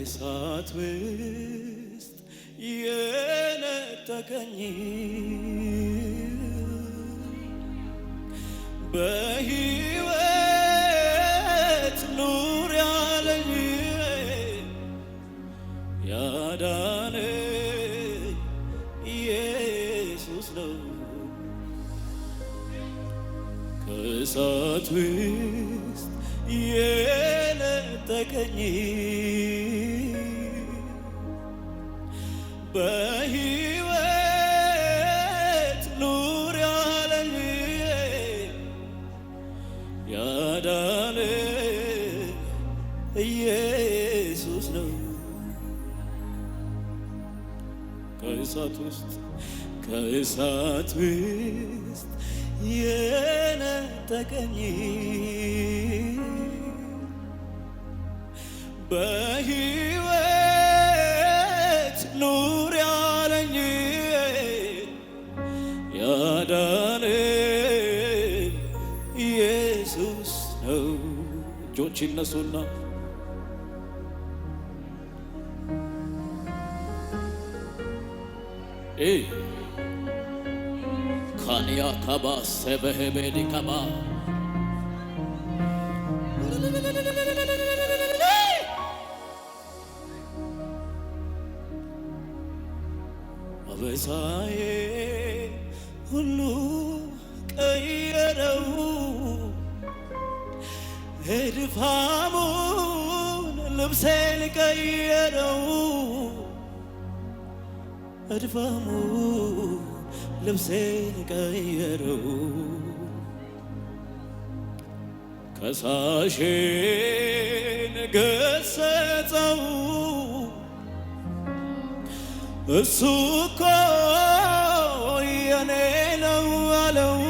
እሳት ውስጥ የነጠቀኝ በሕይወት ኑር ያለኝ ያዳነ ኢየሱስ ነው ከእሳት ውስጥ የነጠቀኝ እሳት ውስጥ የነጠቀኝ በሕይወት ኑር ያለኝ ያዳነኝ ኢየሱስ ነው። እጆች ይነሱና ኤ ካንያ ካባ ሰበሄቤኒ ካባ አበሳዬ ሁሉ ቀየረው እድፋሙን ልብሴን ቀየረው እድፋሙ ልብሴን ቀየረው ከሳሽን ገሰጸው እሱ እኮ የኔ ነው አለው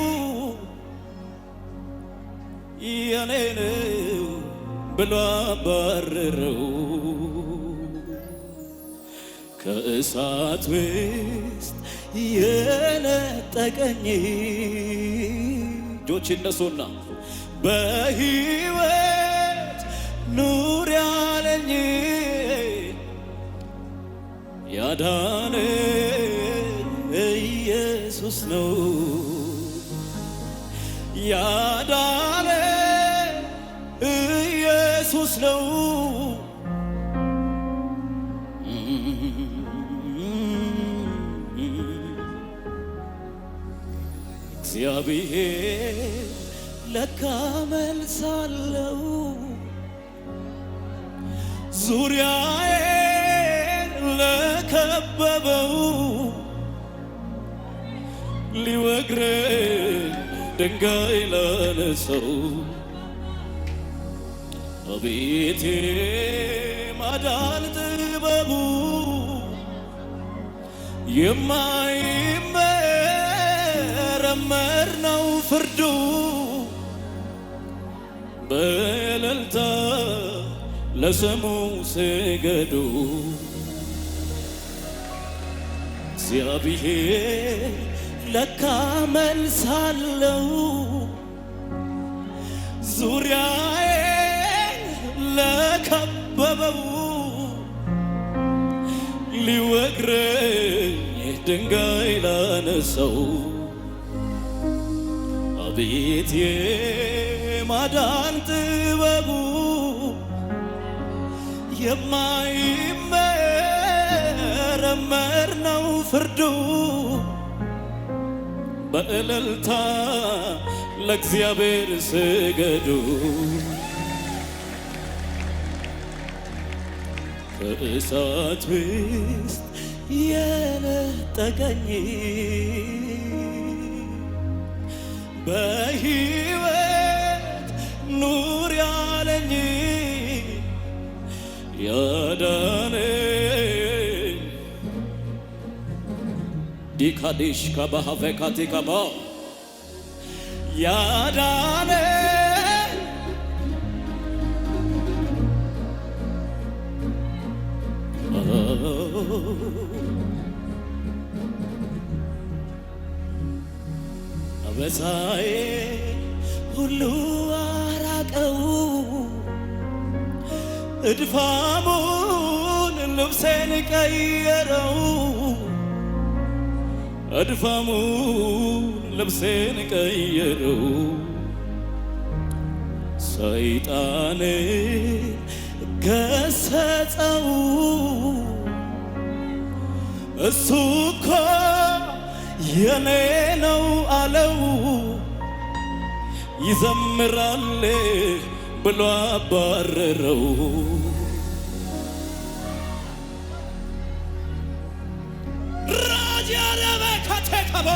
የኔ ነው ብሎ አባረረው ከእሳት ውስጥ የነጠቀኝ እጆች እነሱና በሕይወት ኑር ያለኝ ያዳነ ኢየሱስ ነው ያዳነ ኢየሱስ ነው እግዚአብሔር ለካ መልስ አለው ዙሪያዬን ለከበበው ሊወግረኝ ድንጋይ ላነሰው አቤቴ ማዳን ጥበቡ የማይ የሚጀመር ነው ፍርዱ በለልታ ለስሙ ስገዱ እግዚአብሔር ለካ መልስ አለው ዙሪያዬ ለከበበው ሊወግረኝ ድንጋይ ላነሰው አቤት የማዳን ጥበቡ የማይመረመር ነው ፍርዱ በእልልታ ለእግዚአብሔር ስገዱ ከእሳት ውስጥ የነጠቀኝ በህይወት ኑር ያለኝ ያዳነኝ ዲካዲሽ ከባሀፈካቲ ከባ ያዳነኝ Oh አበሳዬ ሁሉ አራቀው እድፋሙን ልብሴን ቀየረው እድፋሙን ልብሴን ቀየረው ሰይጣን ገሰጸው እሱ እኮ የኔ ነው አለው ይዘምራል ብሎ አባረረው። ራጃረበከቴከቦ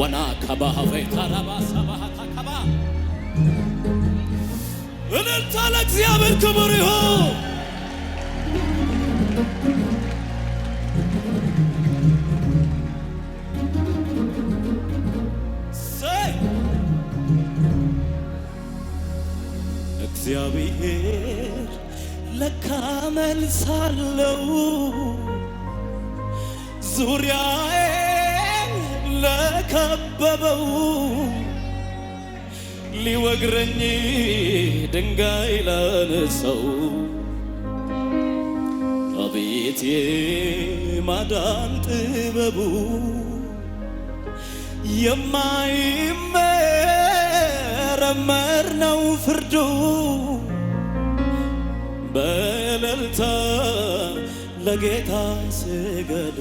ወና ከባሀፌታራባሰባሀታከባ እልልታ ለእግዚአብሔር ክብር ይሁን። እግዚአብሔር ለካ መልስ አለው ዙሪያዬን ለከበበው ሊወግረኝ ድንጋይ ላነሰው አቤት የማዳን ጥበቡ የማይመ ነው ፍርዱ በእልልታ ለጌታ ስገዱ።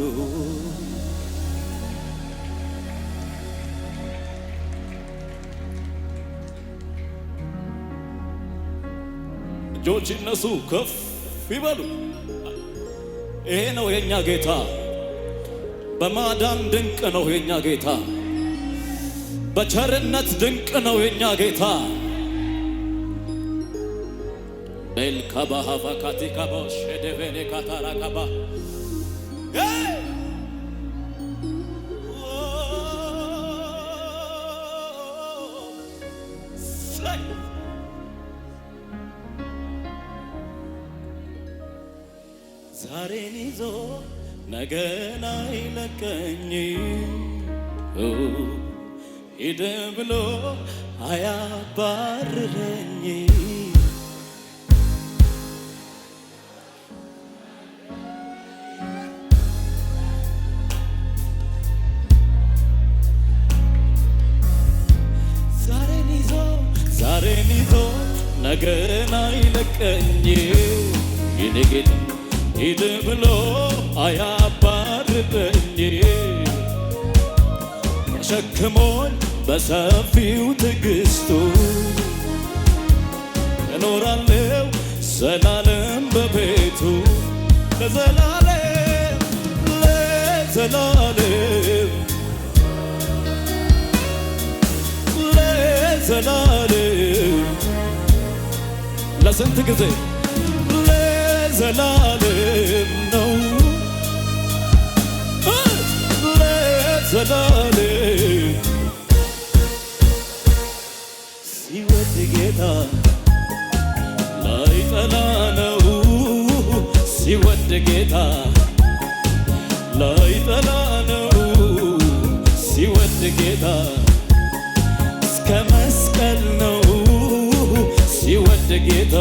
እጆች ይነሱ፣ ከፍ ይበሉ። ይሄ ነው የኛ ጌታ። በማዳን ድንቅ ነው የኛ ጌታ። በቸርነት ድንቅ ነው የኛ ጌታ ቤልካባሃቫካቲካባሸደቬኔ ካታራካባ ዛሬን ይዞ ነገን አይለቀኝ ሂድ ብሎ አያባርረኝ ዛሬን ይዞ ዛሬን ይዞ ነገን አይለቀኝ የኔ ጌታ ብሎ አያባርረኝ ያሸክሞኝ በሰፊው ትዕግስቱ እኖራለው ዘላለም በቤቱ ለዘላለም ለዘላለም ለዘላለም ለስንት ጊዜ ለዘላለም ነው ለዘላለም ጌታ ላይጠላ ነው ሲወድ ጌታ ላይጠላ ነው ሲወድ ጌታ እስከ መስቀል ነው ሲወድ ጌታ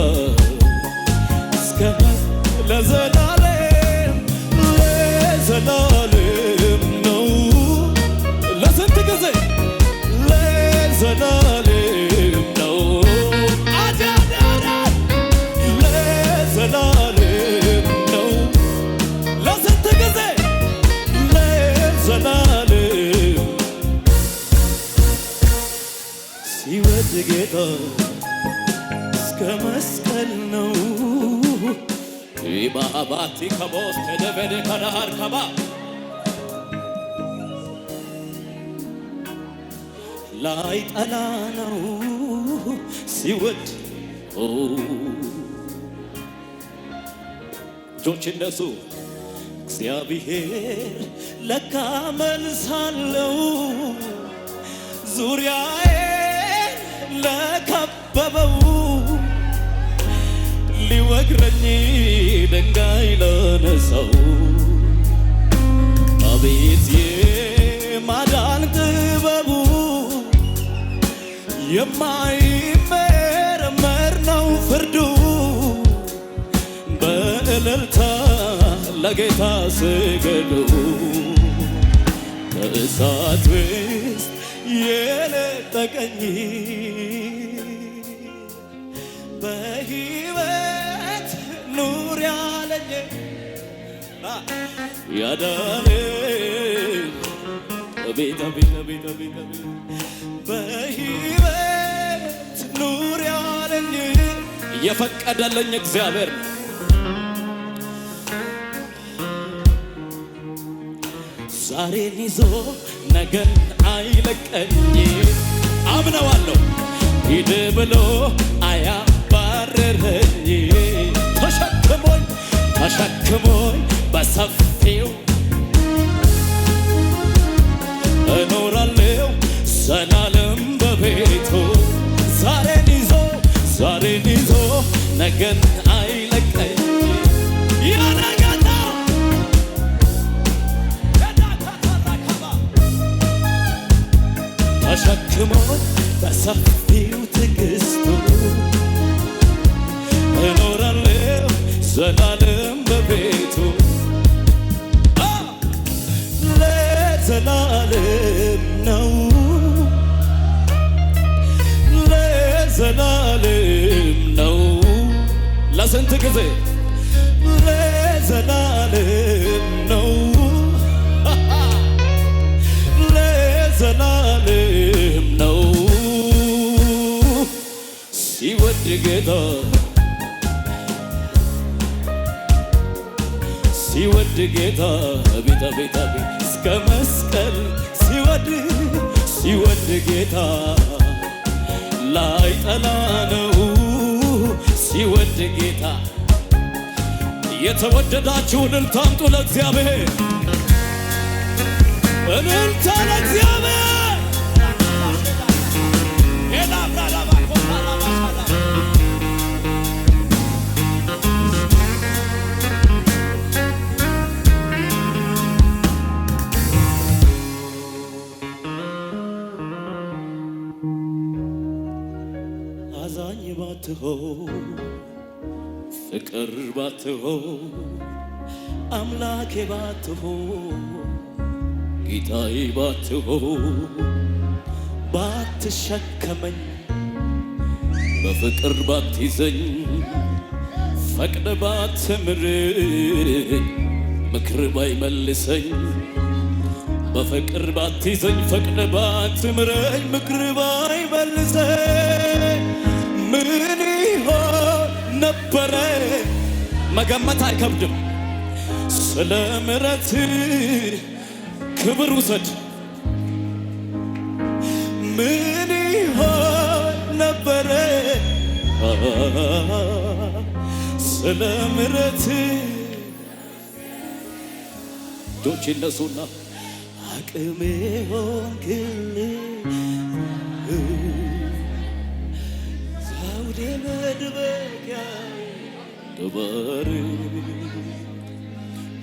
ስጌጠ እስከ መስቀል ነው ኢማባቲ ከቦስ ከደበደ ከዳሃር ከባ ላይ ጠላ ነው ሲወድ እጆች እነሱ እግዚአብሔር ለካ መልሳለው ዙሪያዬ ለከበበው ሊወግረኝ ድንጋይ ለነሰው አቤት የማዳን ጥበቡ የማይመረመር ነው ፍርዱ በእልልታ ለጌታ ስገዱ ከእሳት ውስጥ የነጠቀኝ በሕይወት ኑር ያለኝ ያዳነኝ ኑር ያለኝ የፈቀደለኝ እግዚአብሔር ዛሬን ይዞ ነገር አይለቀኝ አምነዋለሁ ሂድ ብሎ አያባረረኝ ተሸክሞኝ ተሸክሞኝ በሰፊው እኖራለሁ ዘላለም በቤቱ ዛሬን ይዞ ዛሬን ይዞ ነገን ለስንት ጊዜ ለዘላለም ነው ለዘላለም ነው ሲወድ ጌታ ሲወድ ጌታ ቤታ ቤታ እስከ መስቀል ሲወድ ሲወድ ጌታ ላይ ጠላ ነው ሲወድ ጌታ የተወደዳችሁን እልልታ አምጡ ለእግዚአብሔር እልልታ ለእግዚአብሔር ባትሆን ፍቅር ባትሆን አምላኬ ባትሆን ጌታዬ ባትሆን ባትሸከመኝ በፍቅር ባትይዘኝ ፈቅድ ባትምርኝ ምክር ባይመልሰኝ በፍቅር ባትይዘኝ ፈቅድ ባትምረኝ ምክር ባይመልሰኝ ምን ይሆን ነበረ መገመት አይከብድም። ስለ ምረት ክብር ውሰድ። ምን ይሆን ነበረ ስለ ምረት ዶች ይነሱና አቅሜ ሆንክል መድበቂያ ተባረ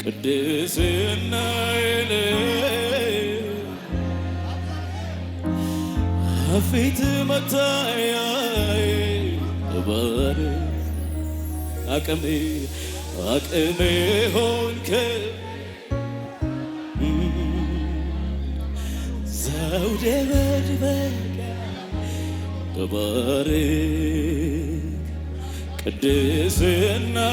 ቅድስናዬ ፊት መታያዬ ተባረ አቅሜ አቅሜ ሆንከ ዘውዴ መድበቂያ ተባረክ ቅድስናዬ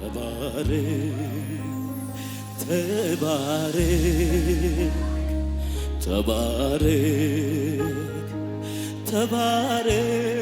ተባረክ ተባረክ ተባረክ ተባረክ